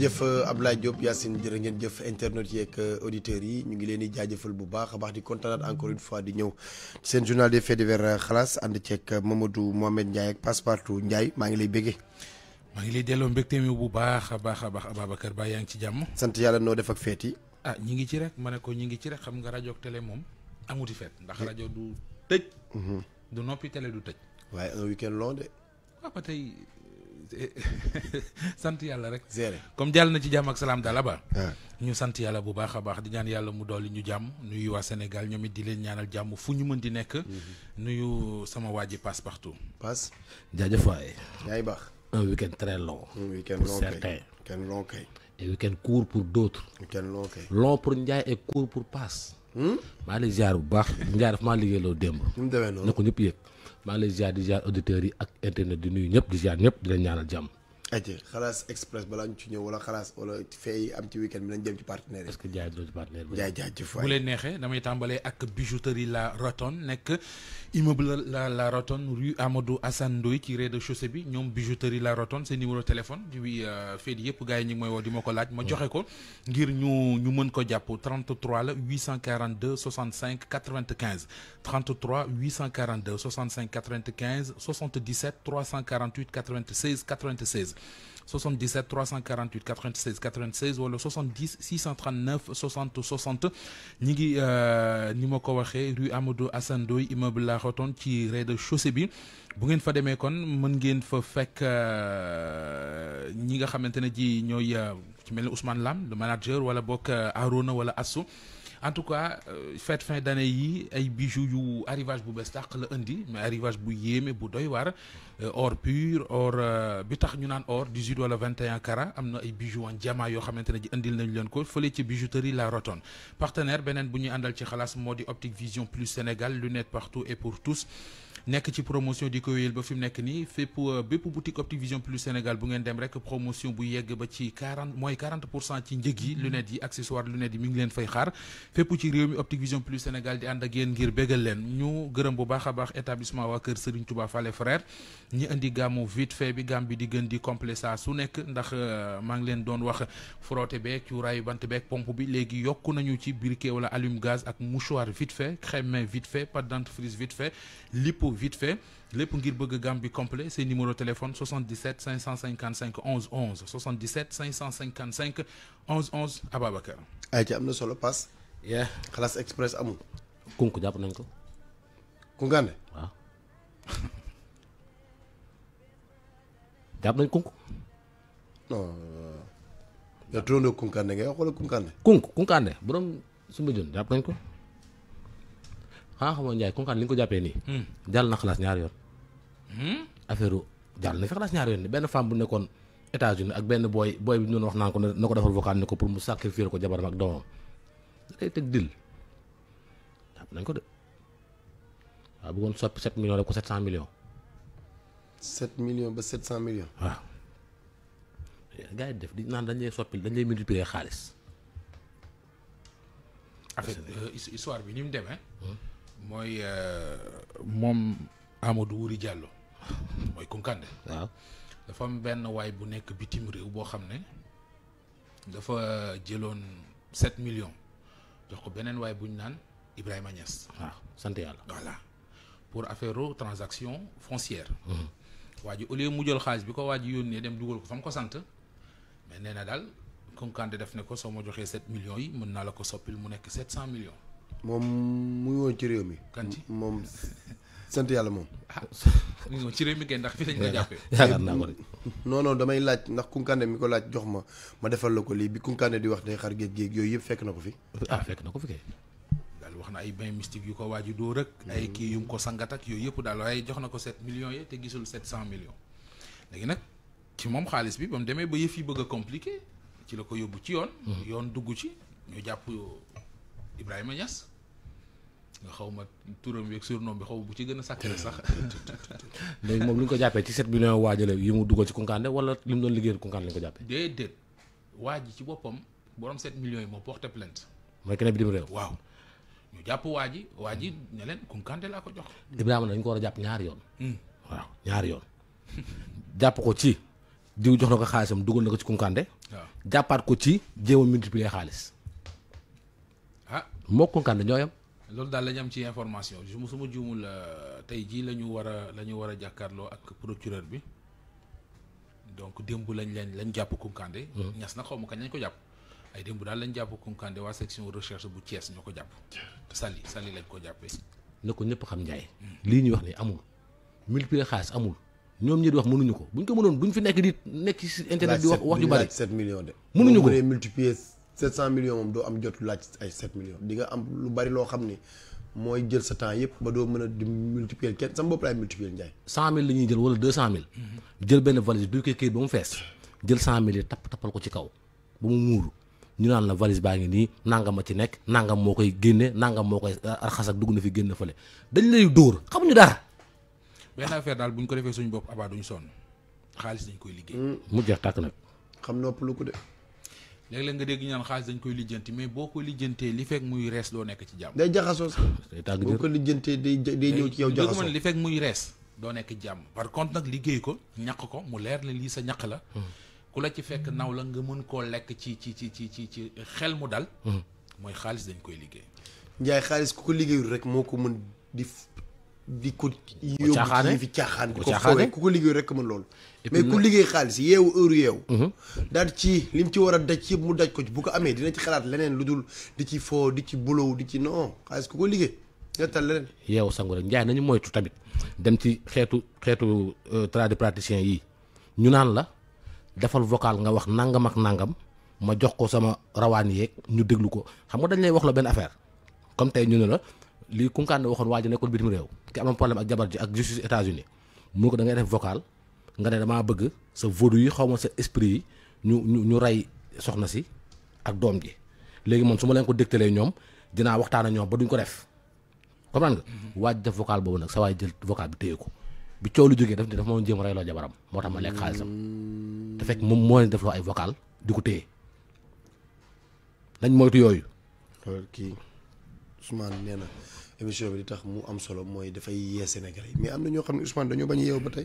jërëjëf euh, Abdoulaye Diop Yacine jërë ngeen jëf internet yeeg euh, auditeurs yi ñu ngi leen di jaajëfal bu baax baax di kontaanaat encore une fois di ñëw seen journal des faits divers euh, xalaas ànd ceeg Mamadou Mohamed Ndiaye ak Passepartout Ndiaye maa ngi lay béggee. maa ngi lay delloo mbégte mi bu baax a baax baax Ababacar Ba yaa ci jàmm. sant yàlla noo def ak feet yi. ah ñi ngi ci rek ma ne ko ñi ngi ci rek xam nga rajo ak télé moom amuti feet ndax eh. rajo du tëj. Mhm. du noppi télé du tëj. waaye un week-end long de. waaw ah, ba sant yàlla rek. comme jàll na ci jàmm ak salaam daal aba ah. ñu sant yàlla bu baax a baax di ñaan yàlla mu dolli ñu jàmm nuyu waa Sénégal ñoom it di leen ñaanal jàmm fu ñu mën di nekk. Mm-hmm. nuyu sama waa ji passe partout. passe jaajëf waay. yaay baax. un week-end très long. un week-end long pour certains. week-end long pour d'autres. week-end pour Ndiaye et court passe. Hmm? maa ngi lay bu baax Ndiaye daf maa liggéeyloo démb. ni mu demee noonu na ko ñëpp yëg. maa ngi lay ziar di ziar auditeurs yi ak internet di nuyu ñëpp di ziar ñëpp di leen ñaanal jàmm. ayca xalaas express balaa ñu ci ñëw wala xalaas wala fay am ci weekend bi nañ ci partenaire est-ce que jaay doo partenaires partenaire bi. jaay jaay jëf waay bu leen neexee damay tàmbalee ak bijouterie La Rotonde nek immeuble la La Rotonde rue Amadou Hassan Ndoye ci de chaussée bi bijouterie La Rotonde c'est numéro de téléphone du euh, fii yëpp gars yi ñu ngi may Je di ma ko laaj. ma joxe ko ngir ñu ñu 33 842 65 95 33 842 65 95 77 348 96 96. 77 348 96 96 wala 70 639 60 60 ñi ngi euh, ni ma ko waxee rue Amadou Assane Ndoye immeuble La Rotonde ci rez-de-chaussée bi bu ngeen fa demee kon mën ngeen fa fekk euh, ñi nga xamante ne ji ñooy euh, ci mel ni Ousmane Lam le manager wala bokk Arona wala asso en tout cas euh, fête fin d'année yi ay bijoux yu arrivage bu bees tàq la indi mais arrivage bu yéeme bu doy waar euh, or pur or euh, bi tax ñu or 18 ou 21 carats amna na ay bijoux en diamant yoo xamante ne ji indil nañu leen ko fële ci bijouterie La Rotonde partenaire beneen bu ñuy àndal ci xalaas moo Optique Vision Plus Sénégal lunettes partout et pour tous nek ci promotion di ko wéyal ba fim nek ni nii fépp euh, boutique optivision Plus Sénégal bu ngeen dem rek promotion bu yegg ba ci quarante moy quarante pour cent ci njëg yi lunettes yi accessoire lunettes yi mi ngi len fay xaar fepp ci rewmi optivision Plus Sénégal di and ak nous ngir bégal len ñu gëreum bu baaxa baax établissement wa keur Serigne Touba Fallé Frère ñi indigamo gamu vite fait bi gam bi di gën di complet saa su nek ndax euh, ma ngi len doon wax frotté beeg cuuraayu bant beeg pompe bi légui yokku nañu ci briquet wala allume gaz ak mouchoir vite fait crème vite fait pâte dentifrice vite fait lipo vite fait le ngir bëgg gambi complet c'est numéro téléphone 77 555 11 11 77 555 11 11 ababakar ay ci am solo pass. Yeah. Classe express amul. kunku japp nañ ko. kunkaande. wa japp nañ kunku. non euh, ya turandoo kunkaande nga xol kunku borom suma nañ ko. xanaa xamoo Ndiaye Konkane li ko jàppee nii. Hmm. jàll na xalaas ñaari hmm? affaire jàll na fi ñaari yoon benn femme bu nekkoon États-Unis ak benn booy booy bi ñu wax na ko defal vocal ne ko pour mu sacrifier ko jabaram ak doomam da day teg dil nañ ko de waaw bëggoon soppi 7 millions def ko 700 millions. million millions ba 700 millions. waaw. gars yi def di naan dañ lay soppi dañ lay multiplier xaalis. affaire euh, histoire bi ni mu demee. Hmm? moy suis euh, Amadou wouri Diallo Kunkande. dafa benn bu millions jox ko benen way Ibrahima Niass. voilà pour affaire transaction foncière. foncières, mhm. au lieu mu jël dem ko mais Kunkande def millions yi mën ko soppil mu millions. moom mu ngi ci réew mi. kan moom sant yàlla moom. ah ci réew mi kay ndax fii damay laaj ndax kunkande mi ko laaj jox ma ma defal la ko lii bi kunkande di wax day xar géej géej yooyu yëpp fekk na ko fi. ah fekk na ko fi kay. daal wax na ay bain mystique yu ko waaj a dóor ak. ay mm. kii yu ko sangat ak yooyu yëpp daal waaye jox na ko 7 millions yi te gisul 700 millions. léegi nag ci moom xaalis bi ba demee ba yëf yi bëgg a compliqué ci la ko yóbbu ci yoon. Mm. yoon dugg ci ñu jàpp. Ibrahima Niass nga xaw ma turam bi ak surnom bi xaw bu ci gën a sàkkale sax. léegi moom lu ñu ko jàppee ci 7 millions waajale yi mu dugal ci Kunkande wala li mu doon liggéeyal Kunkande la ñu ko ci boppam borom 7 millions yi moo mooy keneen bi dem réew. waaw ñu jàpp waaj yi waaj yi ne leen Kunkande laa ko jox. Ibrahima dañu ko war a jàpp ñaari yoon. Hmm. waaw ñaari yoon. jàpp ko ci diw jox na ko xaalisam dugal na ko ci Kunkande. waaw jàppaat ko ci jéem a xaalis. moo Konkande ñoo yam loolu daal la am ci information bi su ma juumul euh, tey jii la ñu war a la ñu war a jàkkaarloo ak procureur bi donc démb lañ leen lañ jàpp Konkande. Hmm. ñas na xaw ma kañ lañ ko jàpp. ay démb daal lañ jàpp Konkande waa section recherche bu Thiès ñoo ko jàpp. Sali Sali lañ ko jàppee. ne ko ñëpp xam Ndiaye. Hmm. lii ñuy wax ne amul. multiplier xaalis amul. ñoom ñi di wax mënuñu ko buñ ko mënoon buñ fi nekk di nekk ci internet di wax wax ju bari 7 ko mënuñu 700 millions moom doo am jot laaj ay 7 millions di am lu bari loo xam ni mooy jël sa temps yëpp ba doo mën a di multiplier kenn sama bopp laay multiplier Ndiaye. 100000 ñuy jël wala 200000. jël benn valise bi koy kii ba mu fees jël 100000 yi tapp tappal ko ci kaw ba mu muuru ñu naan la valise baa ngi nii nangam a ci nekk nangam moo koy génne nangam moo koy euh, raxas ak dugg na fi génn fële dañ lay dóor xamuñu dara. benn affaire daal bu ñu ko defee suñu bopp abaa duñu sonn xaalis dañ koy liggéey. mu jeex tàkk nag. xam noppalu ko de. léeg leen nga dégg ñu naan xaalis dañ koy lijjanti mais boo ko lijjantee li fekk muy rees doo nekk ci jàmm. day jaxasoo sax. Ah, day boo ko lijjantee day day ñëw ci yow. jaxasoo li fekk muy rees doo nekk jàmm. par contre nag liggéey ko ñaq ko mu leer la lii sa ñaq la. Hmm. ku la ci fekk naw la nga mën koo lekk ci ci ci ci ci ci xel mu dal. Hmm. mooy xaalis dañ koy liggéey. Njaay xaalis ku ko liggéeyul rek moo ko mën di di ko yóbbu fi caaxaan di ko ku ko liggéey rek mën loolu mais ku liggéey xaalis yeewu heure yeewu mhm. daal ci li mu ci war a daj yëpp mu daj ko ci bu ko amee dina ci xalaat leneen lu dul di ci foo di ci bulow di ci non xaalis ku ko liggéey nga tal leneen yeewu sangu njaay nañu moytu tamit dem ci xeetu xeetu euh, tradipraticien yi ñu naan la defal vocal nga wax nangam ak nangam ma jox ko sama rawaan yeeg ñu déglu ko xam nga dañ lay wax la benn affaire comme tey ñu ne la li Kunkande waxoon waa ji nekkul bitim réew ki amoon problème ak jabar ji ak justice États-Unis mu ko da ngay def vocal nga ne damaa bëgg sa vaudou yi xaw ma sa esprit yi ñu ñu ñu rey soxna si ak doom ji léegi man su ma leen ko dégtalee ñoom dinaa waxtaan ak ñoom ba duñ ko def comprendre nga mhm. waaj def vocal boobu nag sa waay jël vocal bi téye ko bi coow lu jógee daf ni dafa moom jéem a reyloo jabaram moo tax ma lekk xaalisam te fekk moom mooy def loo ay vocal di ko té nañ moytu yooyu kii Ousmane nee na émission bi li tax mu am solo mooy dafay yee Sénégal yi mais amna na ñoo xam ne Ousmane dañu bañ yéw batay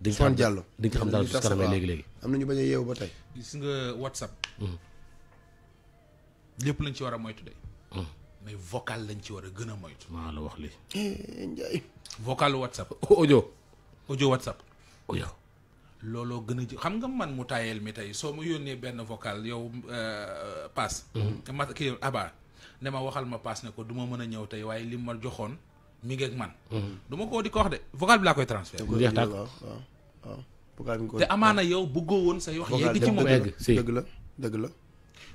ba tey. Diallo di xam dal su kanamee légui légui amna ñu bañ yéw batay gis nga WhatsApp. Hmm. lepp lañ ci wara a moytu de. Hmm. mais vocal lañ ci wara gëna moytu. la wax li eh, Ndiaye. vocal WhatsApp. audio. audio WhatsApp. audio. Lolo gëna ci xam nga man mu tayel mi tay so mu yone ben vocal yow euh, paas. Hmm. ma ki abar ne ma waxal ma pass ne ko duma meuna ñew tay waye lim waaye mi ngeek man. Mhm. duma ko di ko wax de vocal bi laa koy transfert. jeex tak vocal te amana yow go won say wax yegg ci moom deug la deug la.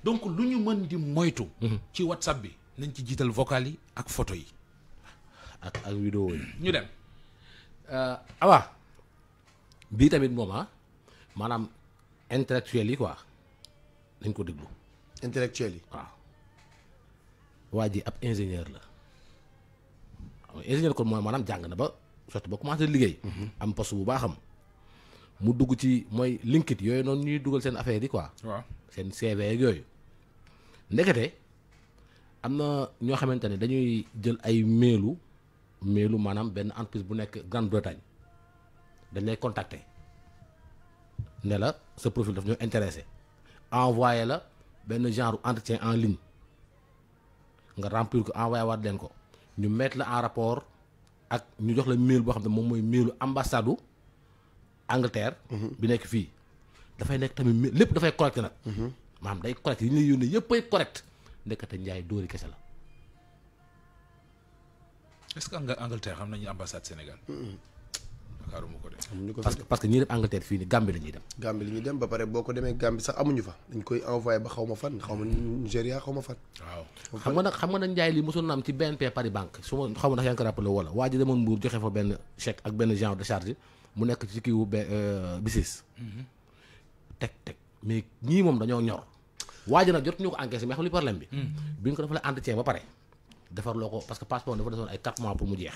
donc lu ñu di moytu. Mhm. ci whatsapp bi nañ ci jital vocal yi ak photo yi. ak ak vidéo yi. ñu dem. Euh, awa Bita tamit moom ah Malam. intellectuel yi quoi dañ ko deglu intellectuel yi waaw. waa ji ab ingénieur la ingénieur kon mooy maanaam jàng na ba sotti ba commencé liggéey. Mhm. am poste bu baaxam mu dugg ci mooy linkit yooyu noonu ñuy dugal seen affaire yi quoi. waaw seen CV ak yooyu. ndekete am na ñoo xamante ne dañuy jël ay mailu mailu maanaam benn entreprise bu nekk Grande-Bretagne dañ lay contacter ne la sa profil daf ñoo intéressé envoyé la benn genre entretien en ligne. nga remplir ko envoyé waat leen ko ñu mettre la en rapport ak ñu jox la mail boo xam ne moom mooy mailu ambassade Angleterre. Mhm. bi nekk fii dafay nekk tamit lépp dafay correct nag. Mhm. maanaam day correct yi ñu lay yónnee yëpp ay correct ndekete njaay dóori kese la. ce que Angleterre xam nañu ambassade Sénégal. Mhm. yaakaaruma ko de. parce que parce que ñi def Angleterre fii nii Gambie la ñuy dem. Gambie la ñuy dem ba pare boo ko demee Gambie sax amuñu fa dañ koy envoyé ba xaw ma fan xaw ma Nigéria xaw ma fan. waaw xam nga nag xam nga nag li mosoon na am ci BNP Paris Banque su ma xaw ma ndax yaa ngi ko rappelé wala euh, mhm. ko encaissé mais xam li problème bi. Mhm. bi ñu ko defalee entretien ba pare defar loo ko parce passeport dafa desoon ay 4 pour mu jeex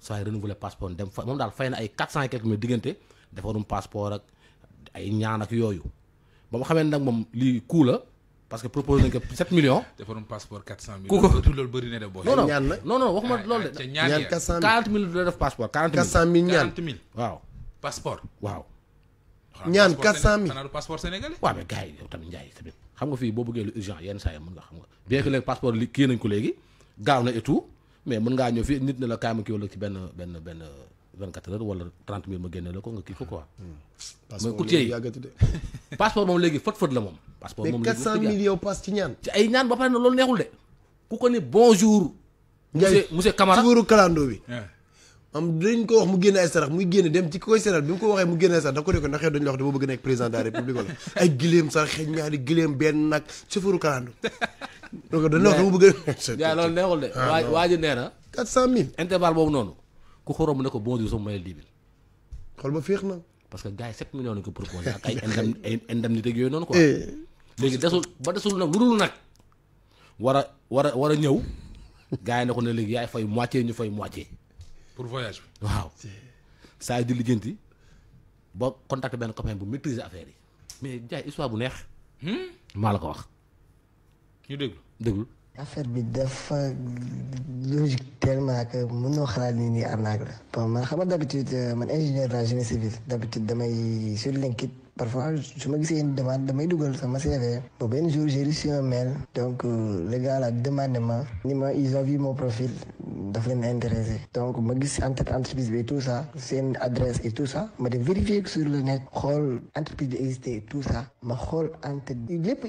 saa yi renouvelé passeport dem fa moom daal fay na ay quatre cent et quelques defarum passeport ak ay ñaan ak yooyu ba mu xamee nag de boo. ñaan la non non waxuma ah, ah, loolu de. ñaan la def passeport 40 mille. passeport waaw. ñaan 400 mille xanaa waaw mais gars yi yow tamit Ndiaye tamit xam nga fii boo bëggee lu urgent yenn saa yi mën nga xam nga bien que léegi passeport kii nañ ko léegi gaaw na et mais mën ngaa ñëw fii nit ne la kaay ma kii wala ci benn benn benn 24 heures wala 30 mille ma génne la ko nga kii ko quoi. Hmm. passeport mooy courtier yi passeport moom léegi fët fët la moom. passeport moom léegi 400 millions yow pass ci ñaan. ci ay ñaan ba pare na loolu neexul de ku ko ni bonjour. monsieur monsieur Camara ci wóoru kalando bi. am dañ ko wax mu génn ay sarax muy génn dem ci koy seral bi mu ko waxee mu génn ay sarax da ko ne ko ndax yow dañ la wax dama bëgg nekk président de république wala ay giléem sarax xeeñ ñaari giléem benn nag chauffeuru kalandu donc dañ la wax dama bëgg yaa loolu neexul de ah, waa waa ji nee na quatre cent mille intervalle boobu noonu ku xorom ne ko bon diw soo xool ba féex na parce que gars yi sept millions lañ ko proposé ak ay indemnité indemnité yooyu noonu eh. léegi desul ba desul nag lu dul nag war a war a ñëw gars na ko na léegi yaay fay moitié ñu fay moitié pour voyage bi waaw saa di liggéenti ba contacté benn copain bu maîtriser affaire yi mais jaay histoire bu neex maa la ko wax ñu déglu déglu affaire bi dafa logique tellement que mënoo xalaat ni nii arnaque la bon man xam nga d' habitude man ingénieur la génie civil habitude damay sur linkit parfois su ma gisee une demande damay ça m'a CV ba benn jour j'ai reçu un mail donc euh, les gars là demandé ma ni ma ils ont vu mon profil daf leen intéressé donc ma gis en tête entreprise bi tout ça c'est une adresse et tout ça ma de vérifier sur le net xool entreprise bi tout ça ma xool en tête lépp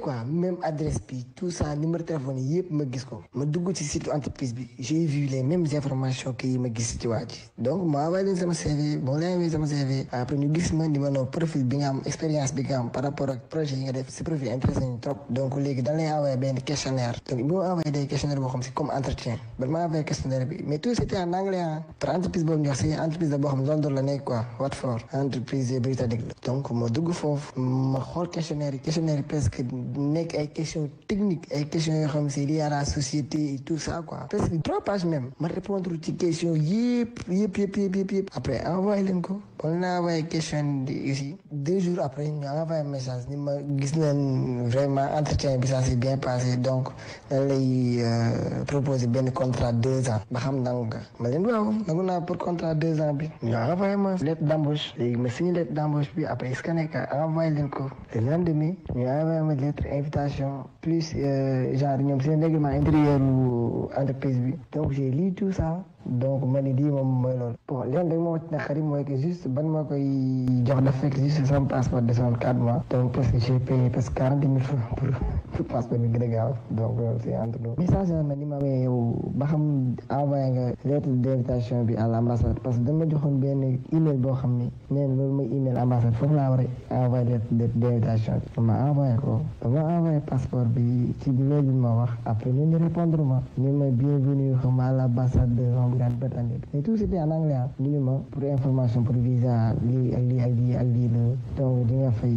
quoi même adresse bi tout ça numéro téléphone yëpp ma gis ko ma dugg ci site entreprise bi j'ai vu les mêmes informations que yi ma gis ci waa ji donc ma envoyé leen sama CV bon leen sama CV après ñu gis ma ni ma non profil bi nga am expérience bi nga am par rapport ak projet yi nga def si profil intéressé nañu trop donc léegi dañ lay envoyé benn questionnaire donc bi ma envoyé day questionnaire boo xam si comme entretien vraiment avec questionnaire bi mais tout c'était en anglais hein. ah te entreprise boobu ñu wax si entreprise la boo xam Londres la nekk quoi Watford entreprise britannique la donc ma dugg foofu ma xool questionnaire yi questionnaire yi presque nekk ay questions techniques ay questions yoo xam si liées à la société et tout ça quoi presque trois pages même ma répondre ci questions yëpp yëpp yëpp yëpp yëpp après envoyé leen ko on a envoyé question ici. Deux jours après, on m'a envoyé un message. On m'a dit vraiment, entretien, ça s'est bien passé. Donc, elle a euh, proposé un contrat de deux ans. Je sais on a pour contrat deux ans. On a envoyé ma lettre d'embauche. Ils m'a signé lettre d'embauche. Puis après, on a envoyé le coup. Le lendemain, il a envoyé ma lettre invitation. Plus, euh, genre, il un règlement intérieur ou entreprise. Donc, j'ai lu tout ça donc ma ni lii moom mooy loolu. bon léegi nag moo ci naqari mooy que juste ban ma koy jox dafa fekk juste sama passeport son quatre mois. donc parce que j'ai payé presque quarante mille francs pour pour passeport bi gën a gaaw donc loolu c'est entre nous. message na ni ma amee yow ba xam envoyé nga lettre d'invitation bi à l'ambassade parce que dama joxoon benn email boo xam ni nee na loolu mooy email ambassade foofu laa war a envoyé lettre de bi. ma envoyé ko dama envoyé passeport bi ci mail bi ma wax après ñu ñu répondre ma ñu ma bienvenue xam à l'ambassade de Boudaoubette en Et tout c'était en anglais. ñu pour information pour visa li ak li ak lii ak donc di nga fay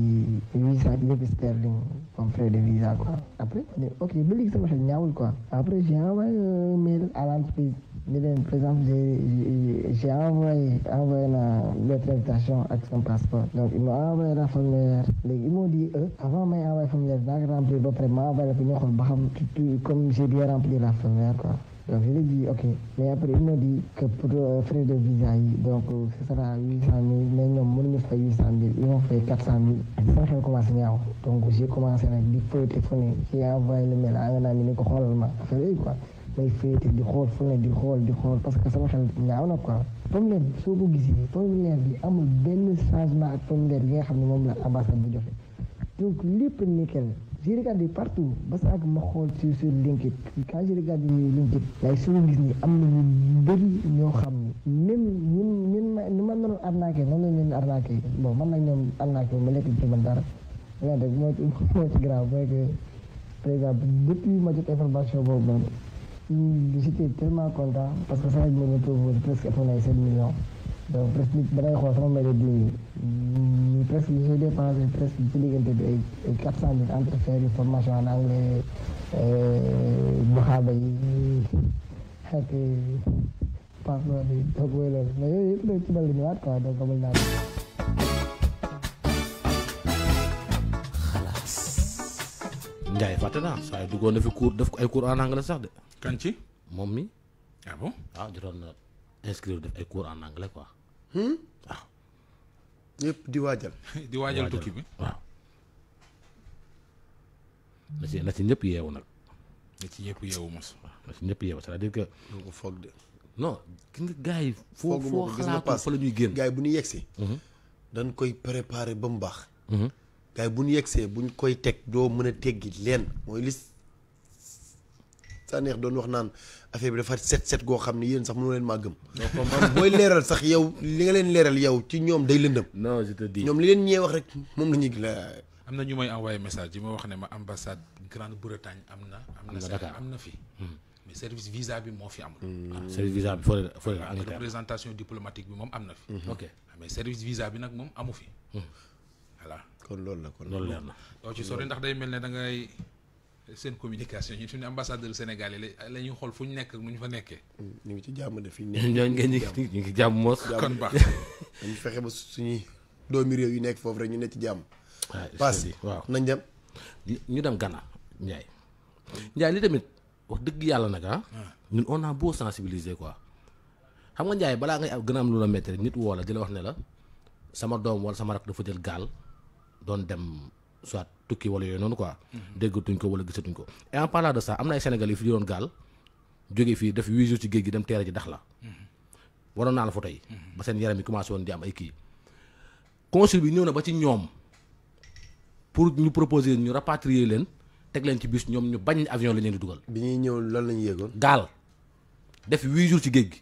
huit cent livres sterling comme frais de visa quoi. après ok ba léegi sama xel ñaawul quoi. après j'ai envoyé un mail à l'entreprise mais par exemple j'ai j'ai envoyé envoyé na lettre d'invitation avec son passeport. donc ils m'ont envoyé la formulaire léegi ils m'ont dit euh avant mais envoyé formulaire dinaa ko remplir ba pare envoyé la ba comme j'ai bien rempli la formulaire quoi. donc je lui ai dit ok mais après il m'a dit que pour euh, frais de visa yi donc euh, ce sera huit cent mille mais ñoom mënuñu fay huit cent mille ils vont fay quatre cent mille xel commencé ñaaw donc j'ai commencé nag di feuilleter fu ne j'ai envoyé le mail à nga naa mi ni ko xoolal ma affaire yooyu quoi may feuilleter di xool fu ne di xool di xool parce que sama xel ñaaw na quoi formulaire bi soo ko gisee formulaire bi amul benn changement ak formulaire bi nga xam ne moom la ambassade bu joxe donc lépp nickel j'ai regardé partout ba sax ma xool ci sur LinkedIn quand j'ai regardé ñuy LinkedIn waaye su ma gis ni am na ñu bëri ñoo xam ni même ñun ñun ma ni man na arnaqué noonu la ñu leen arnaqué bon man na ñoom arnaqué ma lekk ci man dara leen rek moo ci moo ci grave mooy que par exemple depuis ma jot information boobu noonu j'étais tellement content parce que ça ma leen proposé presque donc presse bi da ngay sama mbéy eh, di presque j'ai dépensé presque ci diggante bi ay ay quatre entre faire formation en anglais buxaaba yi ak passeport yi donc mais yooyu yëpp ci quoi donc amul na fi cours def ay cours en anglais sax de. kan ci moom mi. ah bon ah jotoon inscrire def ay cours en anglais quoi. Hmm? waaw ñëpp di waajal. di waajal tukki bi waaw. na ci na ci ñëpp yeewu nag. na ci ñëpp yeewu mos. waaw na ci ñëpp yeewu c'est-à-dire que. doo ko foog de. non ki nga gars yi. foo foo xalaatoo fa la ñuy génn gars bu ñu yegsee. Mhm. dañ koy préparer ba mu baax. Mhm. gars bu ñu yegsee bu ñu koy teg doo mën a teggi leen mooy liste. سانيخ دون وخ نان افي بي فات 7 7 كو خامني يين صاح مونو لين ما گم بوي ليرال صاح ياو ليغا لين ليرال ياو تي نيوم داي لندم نو جي تي دي نيوم لين نيي وخ رك موم لا نيي لا امنا ني ماي انواي ميساج جي ما وخ ني ما امباساد غران بريتانيا امنا امنا دكار امنا في مي سيرفيس فيزا بي مو في امول سيرفيس فيزا بي فور فور انغلتير ريبريزونتاسيون ديبلوماتيك بي موم امنا في اوكي مي سيرفيس فيزا بي ناك موم امو في فوالا كون لول لا كون لول لا دو تي سوري نداخ داي ملني داغاي seen communication ñu fi ne ambassadeur Sénégal yi la ñuy xool fu ñu nekk mu ñu fa nekkee. ñu ngi ci jàmm de fi ñu nekk ñooñu nga ñu ñu ngi jàmm moos. kon baax nañu fexe ba suñuy doomi réew yi nekk foofu rek ñu ne ci jàmm. paas waaw nañ dem. ñu dem Ghana Ndiaye. Ndiaye li tamit wax dëgg yàlla nag ah. ah. ñun on a beau sensibiliser quoi. xam nga Ndiaye balaa ngay gën a am lu la métti nit woo la di la wax ne la sama doom wala sama rak dafa jël gaal doon dem. soit tukki wala yooyu noonu quoi. déggatuñ ko wala gisatuñ ko. et en parlant de am na ay Sénégalais yu fi doon gaal jógee fii def huit jours ci géej gi dem teera ji dax la. waroon naa la fa tey. ba seen yaram yi commencé woon di am ay kii. consul bi ñëw na ba ci ñoom pour ñu proposer ñu rapatrier leen teg leen ci biis ñoom ñu bañ avion lañ leen dugal. bi ñuy ñëw lan la ñu yëgoon. gaal def huit jours ci géej gi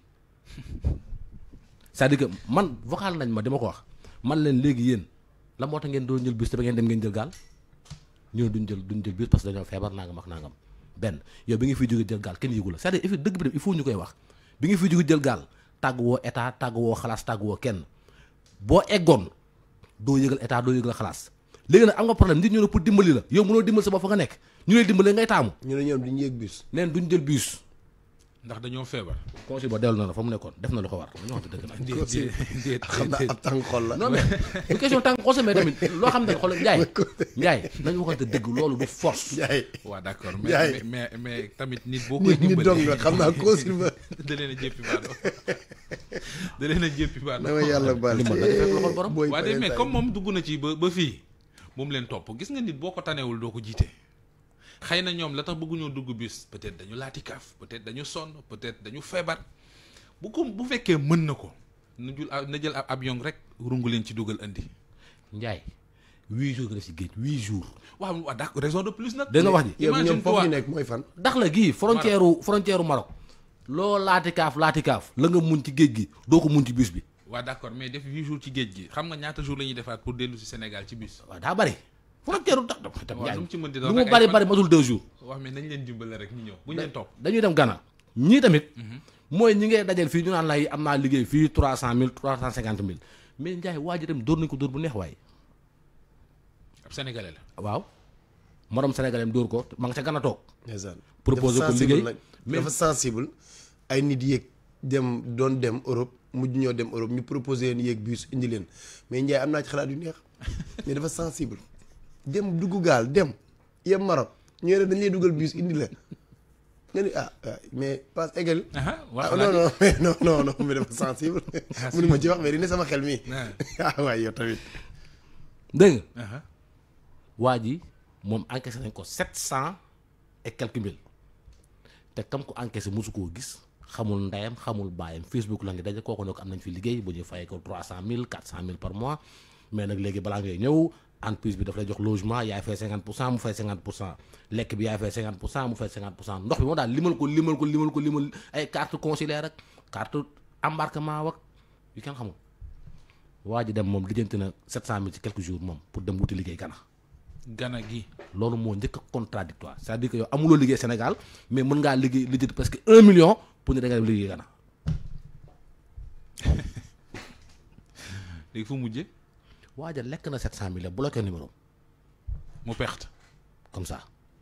cest à man vocal nañ ma dama ko wax man leen léegi yéen. la moo tax ngeen doon jël bus te ba ngeen dem ngeen jël gaal ñu ne duñ jël duñ jël bus parce que dañoo feebar nangam ak nangam benn yow bi nga fiy jóge jël gaal kenn yëgu la c'est-à-dire il faut dëgg kenn boo eggoon doo yëgal état doo yëgal xalaas léegi nag am nga problème nit ñu pour dimbali la yow mënoo dimbali sa bopp fa nga nekk ñu lay dimbali ngay taamu. ñu ne ñoom duñ yëg bus. jël ndax dañoo feebar. consul ba dellu na la fa mu nekkoon def na lu ko war dañoo wax dëgg la. déedéet déedéet xam naa la. non mais bu question tàng xol tamit loo xam ne xool Ndiaye. Ndiaye nañu waxante dëgg loolu du force. Ndiaye waaw d' mais mais tamit nit boo koy. dimbali nit nit dong nga xam naa consul ba. da leen a jéppi baal da leen a yàlla baal li ma la defee loxol borom. booy mais comme moom dugg na ci ba ba fii moom leen topp gis nga nit boo ko tanewul doo ko jiitee xëy na ñoom la tax bëgguñoo dugg bus peut-être dañu laati kaaf peut-être dañu sonn peut-être dañu feebar bu ko bu fekkee mën na ko na jul na jël ab avion rek rungu leen ci dugal indi njaay huit jours nga def si géej huit jours. waaw waaw d'accord raison de plus nag. danga wax ji imagine foofu ñu nekk mooy fan. ndax la gii frontière frontière Maroc. loo laati kaaf laati kaaf la nga muñ ci géej gi doo ko muñ ci bus bi. waaw d'accord mais def huit jours ci géej gi xam nga ñaata jours la ñuy defaat pour dellu si Sénégal ci bus. daa bari. frontière u dama dama jaay lu mu bari bari matul deux jours wax mais nañ leen dimbale rek ñu ñëw buñ leen topp dañuy dem Ghana ñii tamit mooy ñi ngay dajal fii ñu naan lay am naa liggéey fii trois cent mille trois cent cinquante mille mais Ndiaye waa ji dem dóor nañ ko dóor bu neex waay ab sénégalais la waaw morom sénégalais dóor ko ma nga ca Ghana ya, toog proposé ko liggéey mais dafa sensible ay nit yéeg dem don dem Europe mujj ñoo dem Europe ñu proposé leen yéeg bus indi leen mais Ndiaye am naa ci xalaat yu neex mais dafa sensible dem duggu gal dem yem marok ñu ne dañ lay duggal bus indi la nga ah, ah mais pas égal. ah non non non non non mais dafa sensible. mënu ma ci wax mais ni sama xel mi. ah, ah way yo tamit. deug ah waji mom moom encaissé nañ ko 700 et quelques mille te kam ko encaissé musu ko gis xamul ndayam xamul bayam facebook la ngi dajé koko ne am nañ fi liggéey bu ñu fayé ko 300000 400000 par mois mais nak légui bala ngay ñew entreprise bi daf lay jox logement yaay fay 50 pour fait mu fay 50 lek bi yaay fay 50 pour fait mu fay 50 pour ndox bi mo dal limal ko limal ko limal ko limal ay carte consulaire ak carte embarquement wak yu ken xamul waa dem mom lijjanti na 700000 ci quelques jours mom pour dem wuti liggéey Gana. Gana gi lolu mo njëkk contradictoire c'est-à-dire que yow amuloo au Sénégal mais mën ngaa liggéey lijjanti presque 1 million pour ni da nga dem liggéey Gana. léegi fu mujjee. waajal lekk na 700000 bloqué numéro am mu perte comme ça.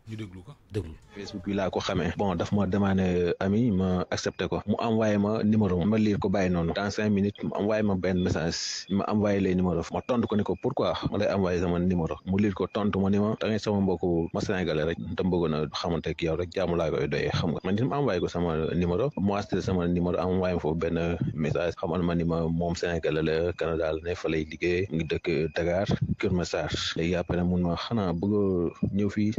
ñu déglu ko déglu Facebook yi ko xamee bon daf ma demandé ami ma accepté ko mu envoyé ma numéro ma lire ko bàyyi noonu dans cinq minutes mu envoyé ma benn message ma envoyé les numéros ma tontu ko ne ko pourquoi ma lay envoyé sama numéro mu lire ko tontu ma ni ma da ngay sama mbokku ma sénégalais rek dama bëggoon a xamante ak yow rek jaamu laa koy doyee xam nga man itam envoyé ko sama numéro mu acheté sama numéro envoyé ma foofu benn message xamal ma ni ma moom sénégalais la Canada la ne fa lay liggéey ngi dëkk Dakar Kër Massar léegi après mun ma xanaa bëgg ñëw fii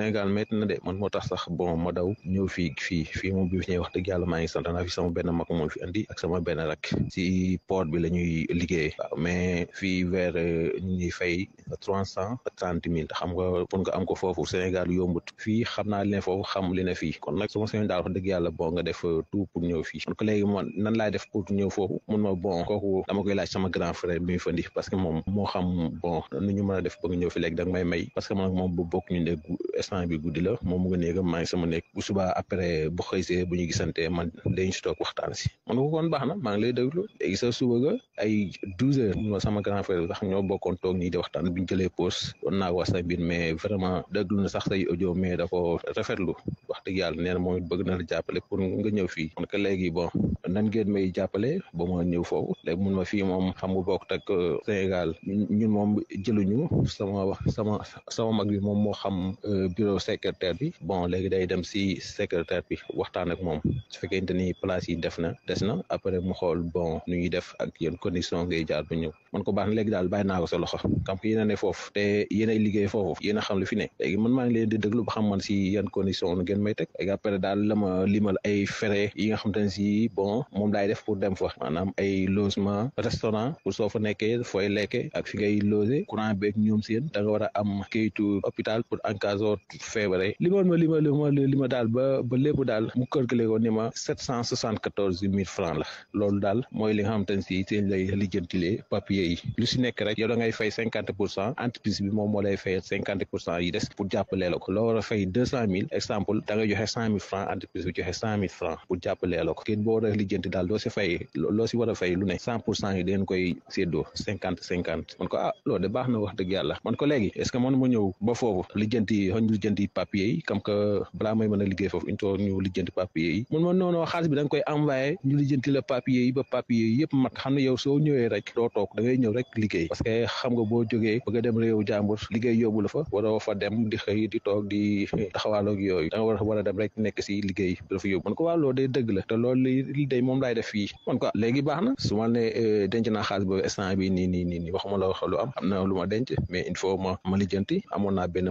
Sénégal métti na man moo tax sax bon ma daw ñëw fii fii fii moom bi fi ñëwee wax dëgg yàlla maa ngi sant naa fi sama benn mag moom fi andi ak sama benn rak si port bi la ñuy liggéey mais fii vers euh, ñu fay trois cent trente mille xam nga pour nga am ko foofu Sénégal yombut fii xam naa li ne foofu ne fii kon nag su ma seen daal wax dëgg yàlla bon nga def euh, tout pour ñëw fii kon léegi man nan laay def pour ñëw foofu mun ma bon kooku dama sama grand frère bi fandi parce que moom moo xam bon nu ñu mën a def ba ñëw fi léegi danga may may parce que man moom ñu ne instant bi guddi moom mu nga néegam maa sama nekk bu subaa après bu xëysee bu ñu gisantee man dañ waxtaan si man kon baax na maa lay déglu léegi sa suba ga ay douze heures mo sama grand frère sax ñoo bokkoon toog nii waxtaan bu mais vraiment déglu na sax say audio mais da ko rafetlu wax dëgg yàlla nee na moom it bëgg na la jàppale pour nga ñëw fii ba ma ñëw foofu léegi mun ma fii moom xam nga bokk tak euh, Sénégal ñun moom jëluñu sama sama sama mag bi moom moo xam euh, bureau secrétaire bi bon léegi day dem si secrétaire bi waxtaan ak moom su fekkente ni place yi def na des na après mu xool bon nu def ak condition a ne foofu a nu ngeen may teg après daal la ma limal ay frais yi xam te si bon moom laay def pour dem fa maanaam ay logement restaurant pour soo fa nekkee fooy fi ngay loger courant beeg ñoom seen da nga war a am kayitu hôpital pour en feebare limoon ma lima lima lima daal ba ba daal mu kërgale ko ni soixante quatorze mille francs la loolu daal mooy li nga xamante si seen lay lijjantilee papier yi lu si nekk rek yow da ngay cinquante pour cent entreprise bi moom moo lay cinquante pour cent yi des pour jàppalee la ko loo war a fay deux cent mille exemple da ngay joxe cent mille francs entreprise bi joxe cent mille francs pour jàppalee la ko kii boo war daal doo si fay loo si war a lijjanti papier yi comme que balaa a liggéey foofu il faut ñu lijjanti papier yi mun ma noonu xaalis bi da koy envoyé ñu lijjanti la papier yi ba papier yi yëpp mat xam ne yow soo ñëwee rek doo toog da ngay ñëw rek liggéey parce que xam a dem a li day moom laay def fii man ko léegi baax na su ma euh, denc naa xaalis boobu instant bi nii nii nii nii la lu am na lu denc mais il faut ma ma lijjanti amoon naa benn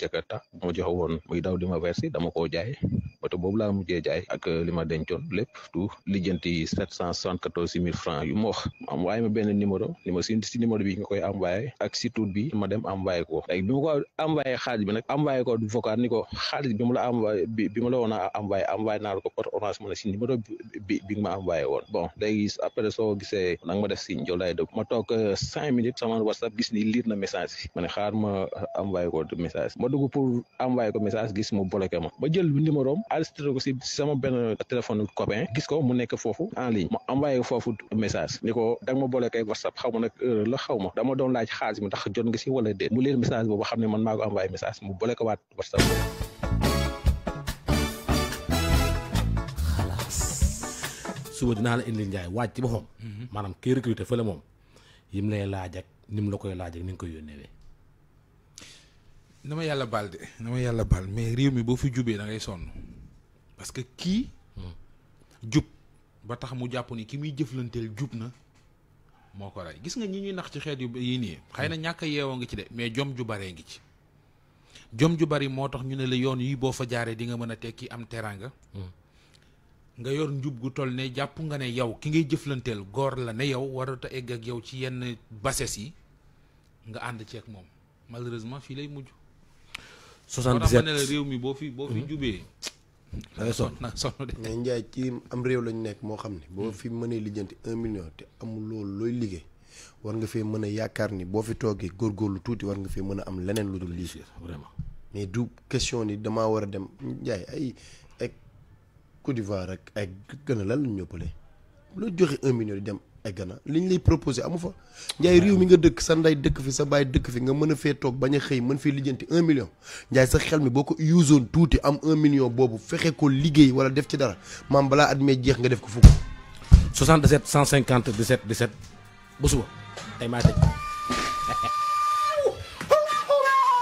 Jakarta moo joxe woon muy daw di ma verser dama koo jaay oto boobu laa mujjee jaay ak euh, li ma dencoon lépp tout lijjanti sept cent soixante-quatorze mille francs ma wax ma ma benn numéro ni ma si si numéro bi nga koy envoyé ak si tuut bi ma dem envoyé ko léegi bi ma ko bi nag envoyé ko vocal ni ko xaalis bi ma la envoyé bi ma la woon a envoyé envoyé naa la ko par orange ma ne si numéro bi bi nga ma envoyé woon bon léegi après soo gisee nag ma def si njolaay dëpp ma toog euh, cinq minutes sama whatsapp gis ni lire na message bi ma ne xaar ma euh, envoyé ko message ma dugg pour envoyé ko message gis mu bloqué ma ma jël numéro am enregistré ko si sama benn téléphone copain gis ko mu nekk foofu en ligne ma envoyé foofu message ni ko da ma boole kay whatsapp xaw ma nag la xaw ma dama doon laaj xaalis mi ndax jot nga si wala déet mu leer message xam ne man maa ko envoyé mu boole ko waat whatsapp suba dinaa la indi njaay waaj ci boppam. Mhm. maanaam kii recruté fële moom yim lay laaj ak ni mu la koy laaj ni nga koy yónnewee. na ma yàlla baal de na ma yàlla baal mais réew mi boo fi jubee da sonn. parce que ki jub ba tax mu japp ni ki muy jëflanteel jub na moko ray gis nga ñi ñuy nax ci xéet yu yi ni xëy na yéwo nga ci de mais jom ju baree ngi ci jom ju bari moo tax ñu ne la yoon yi bo fa jaaré di nga mëna tekki am teranga nga yor njub gu toll ne japp nga ne yow ki ngay jëflanteel gor la ne yow warut ta egg ak yow ci yenn basses yi nga ci ak mom malheureusement fi lay mujj 77 ne réew mi fi bo fi mhm. jubee da ngay sonn na sonn de. mais Ndiaye ci am réew lañu nekk moo xam ne boo fi mënee lijjanti un million te amul loolu looy liggéey war nga fee mën a yaakaar ni boo fi toogee góorgóorlu tuuti war nga fee mën a am leneen lu dul lii. vraiment mais du question ni damaa war a dem njaay ay ay Côte d'Ivoire rek ay gën a lan la ñu ñëppalee loo joxe un million di dem. ay gana li ñu lay proposé amu fa njaay réew mi nga dëkk sa nday dëkk fi sa baay dëkk fi nga mën a fee toog bañ a xëy mën fee lijjanti un million njaay sa xel mi boo ko usoon tuuti am un million boobu fexe ko liggéey wala def ci dara maam balaa at mee jeex nga def ko fukk 77 150 17 17 ba suba tey maa tëj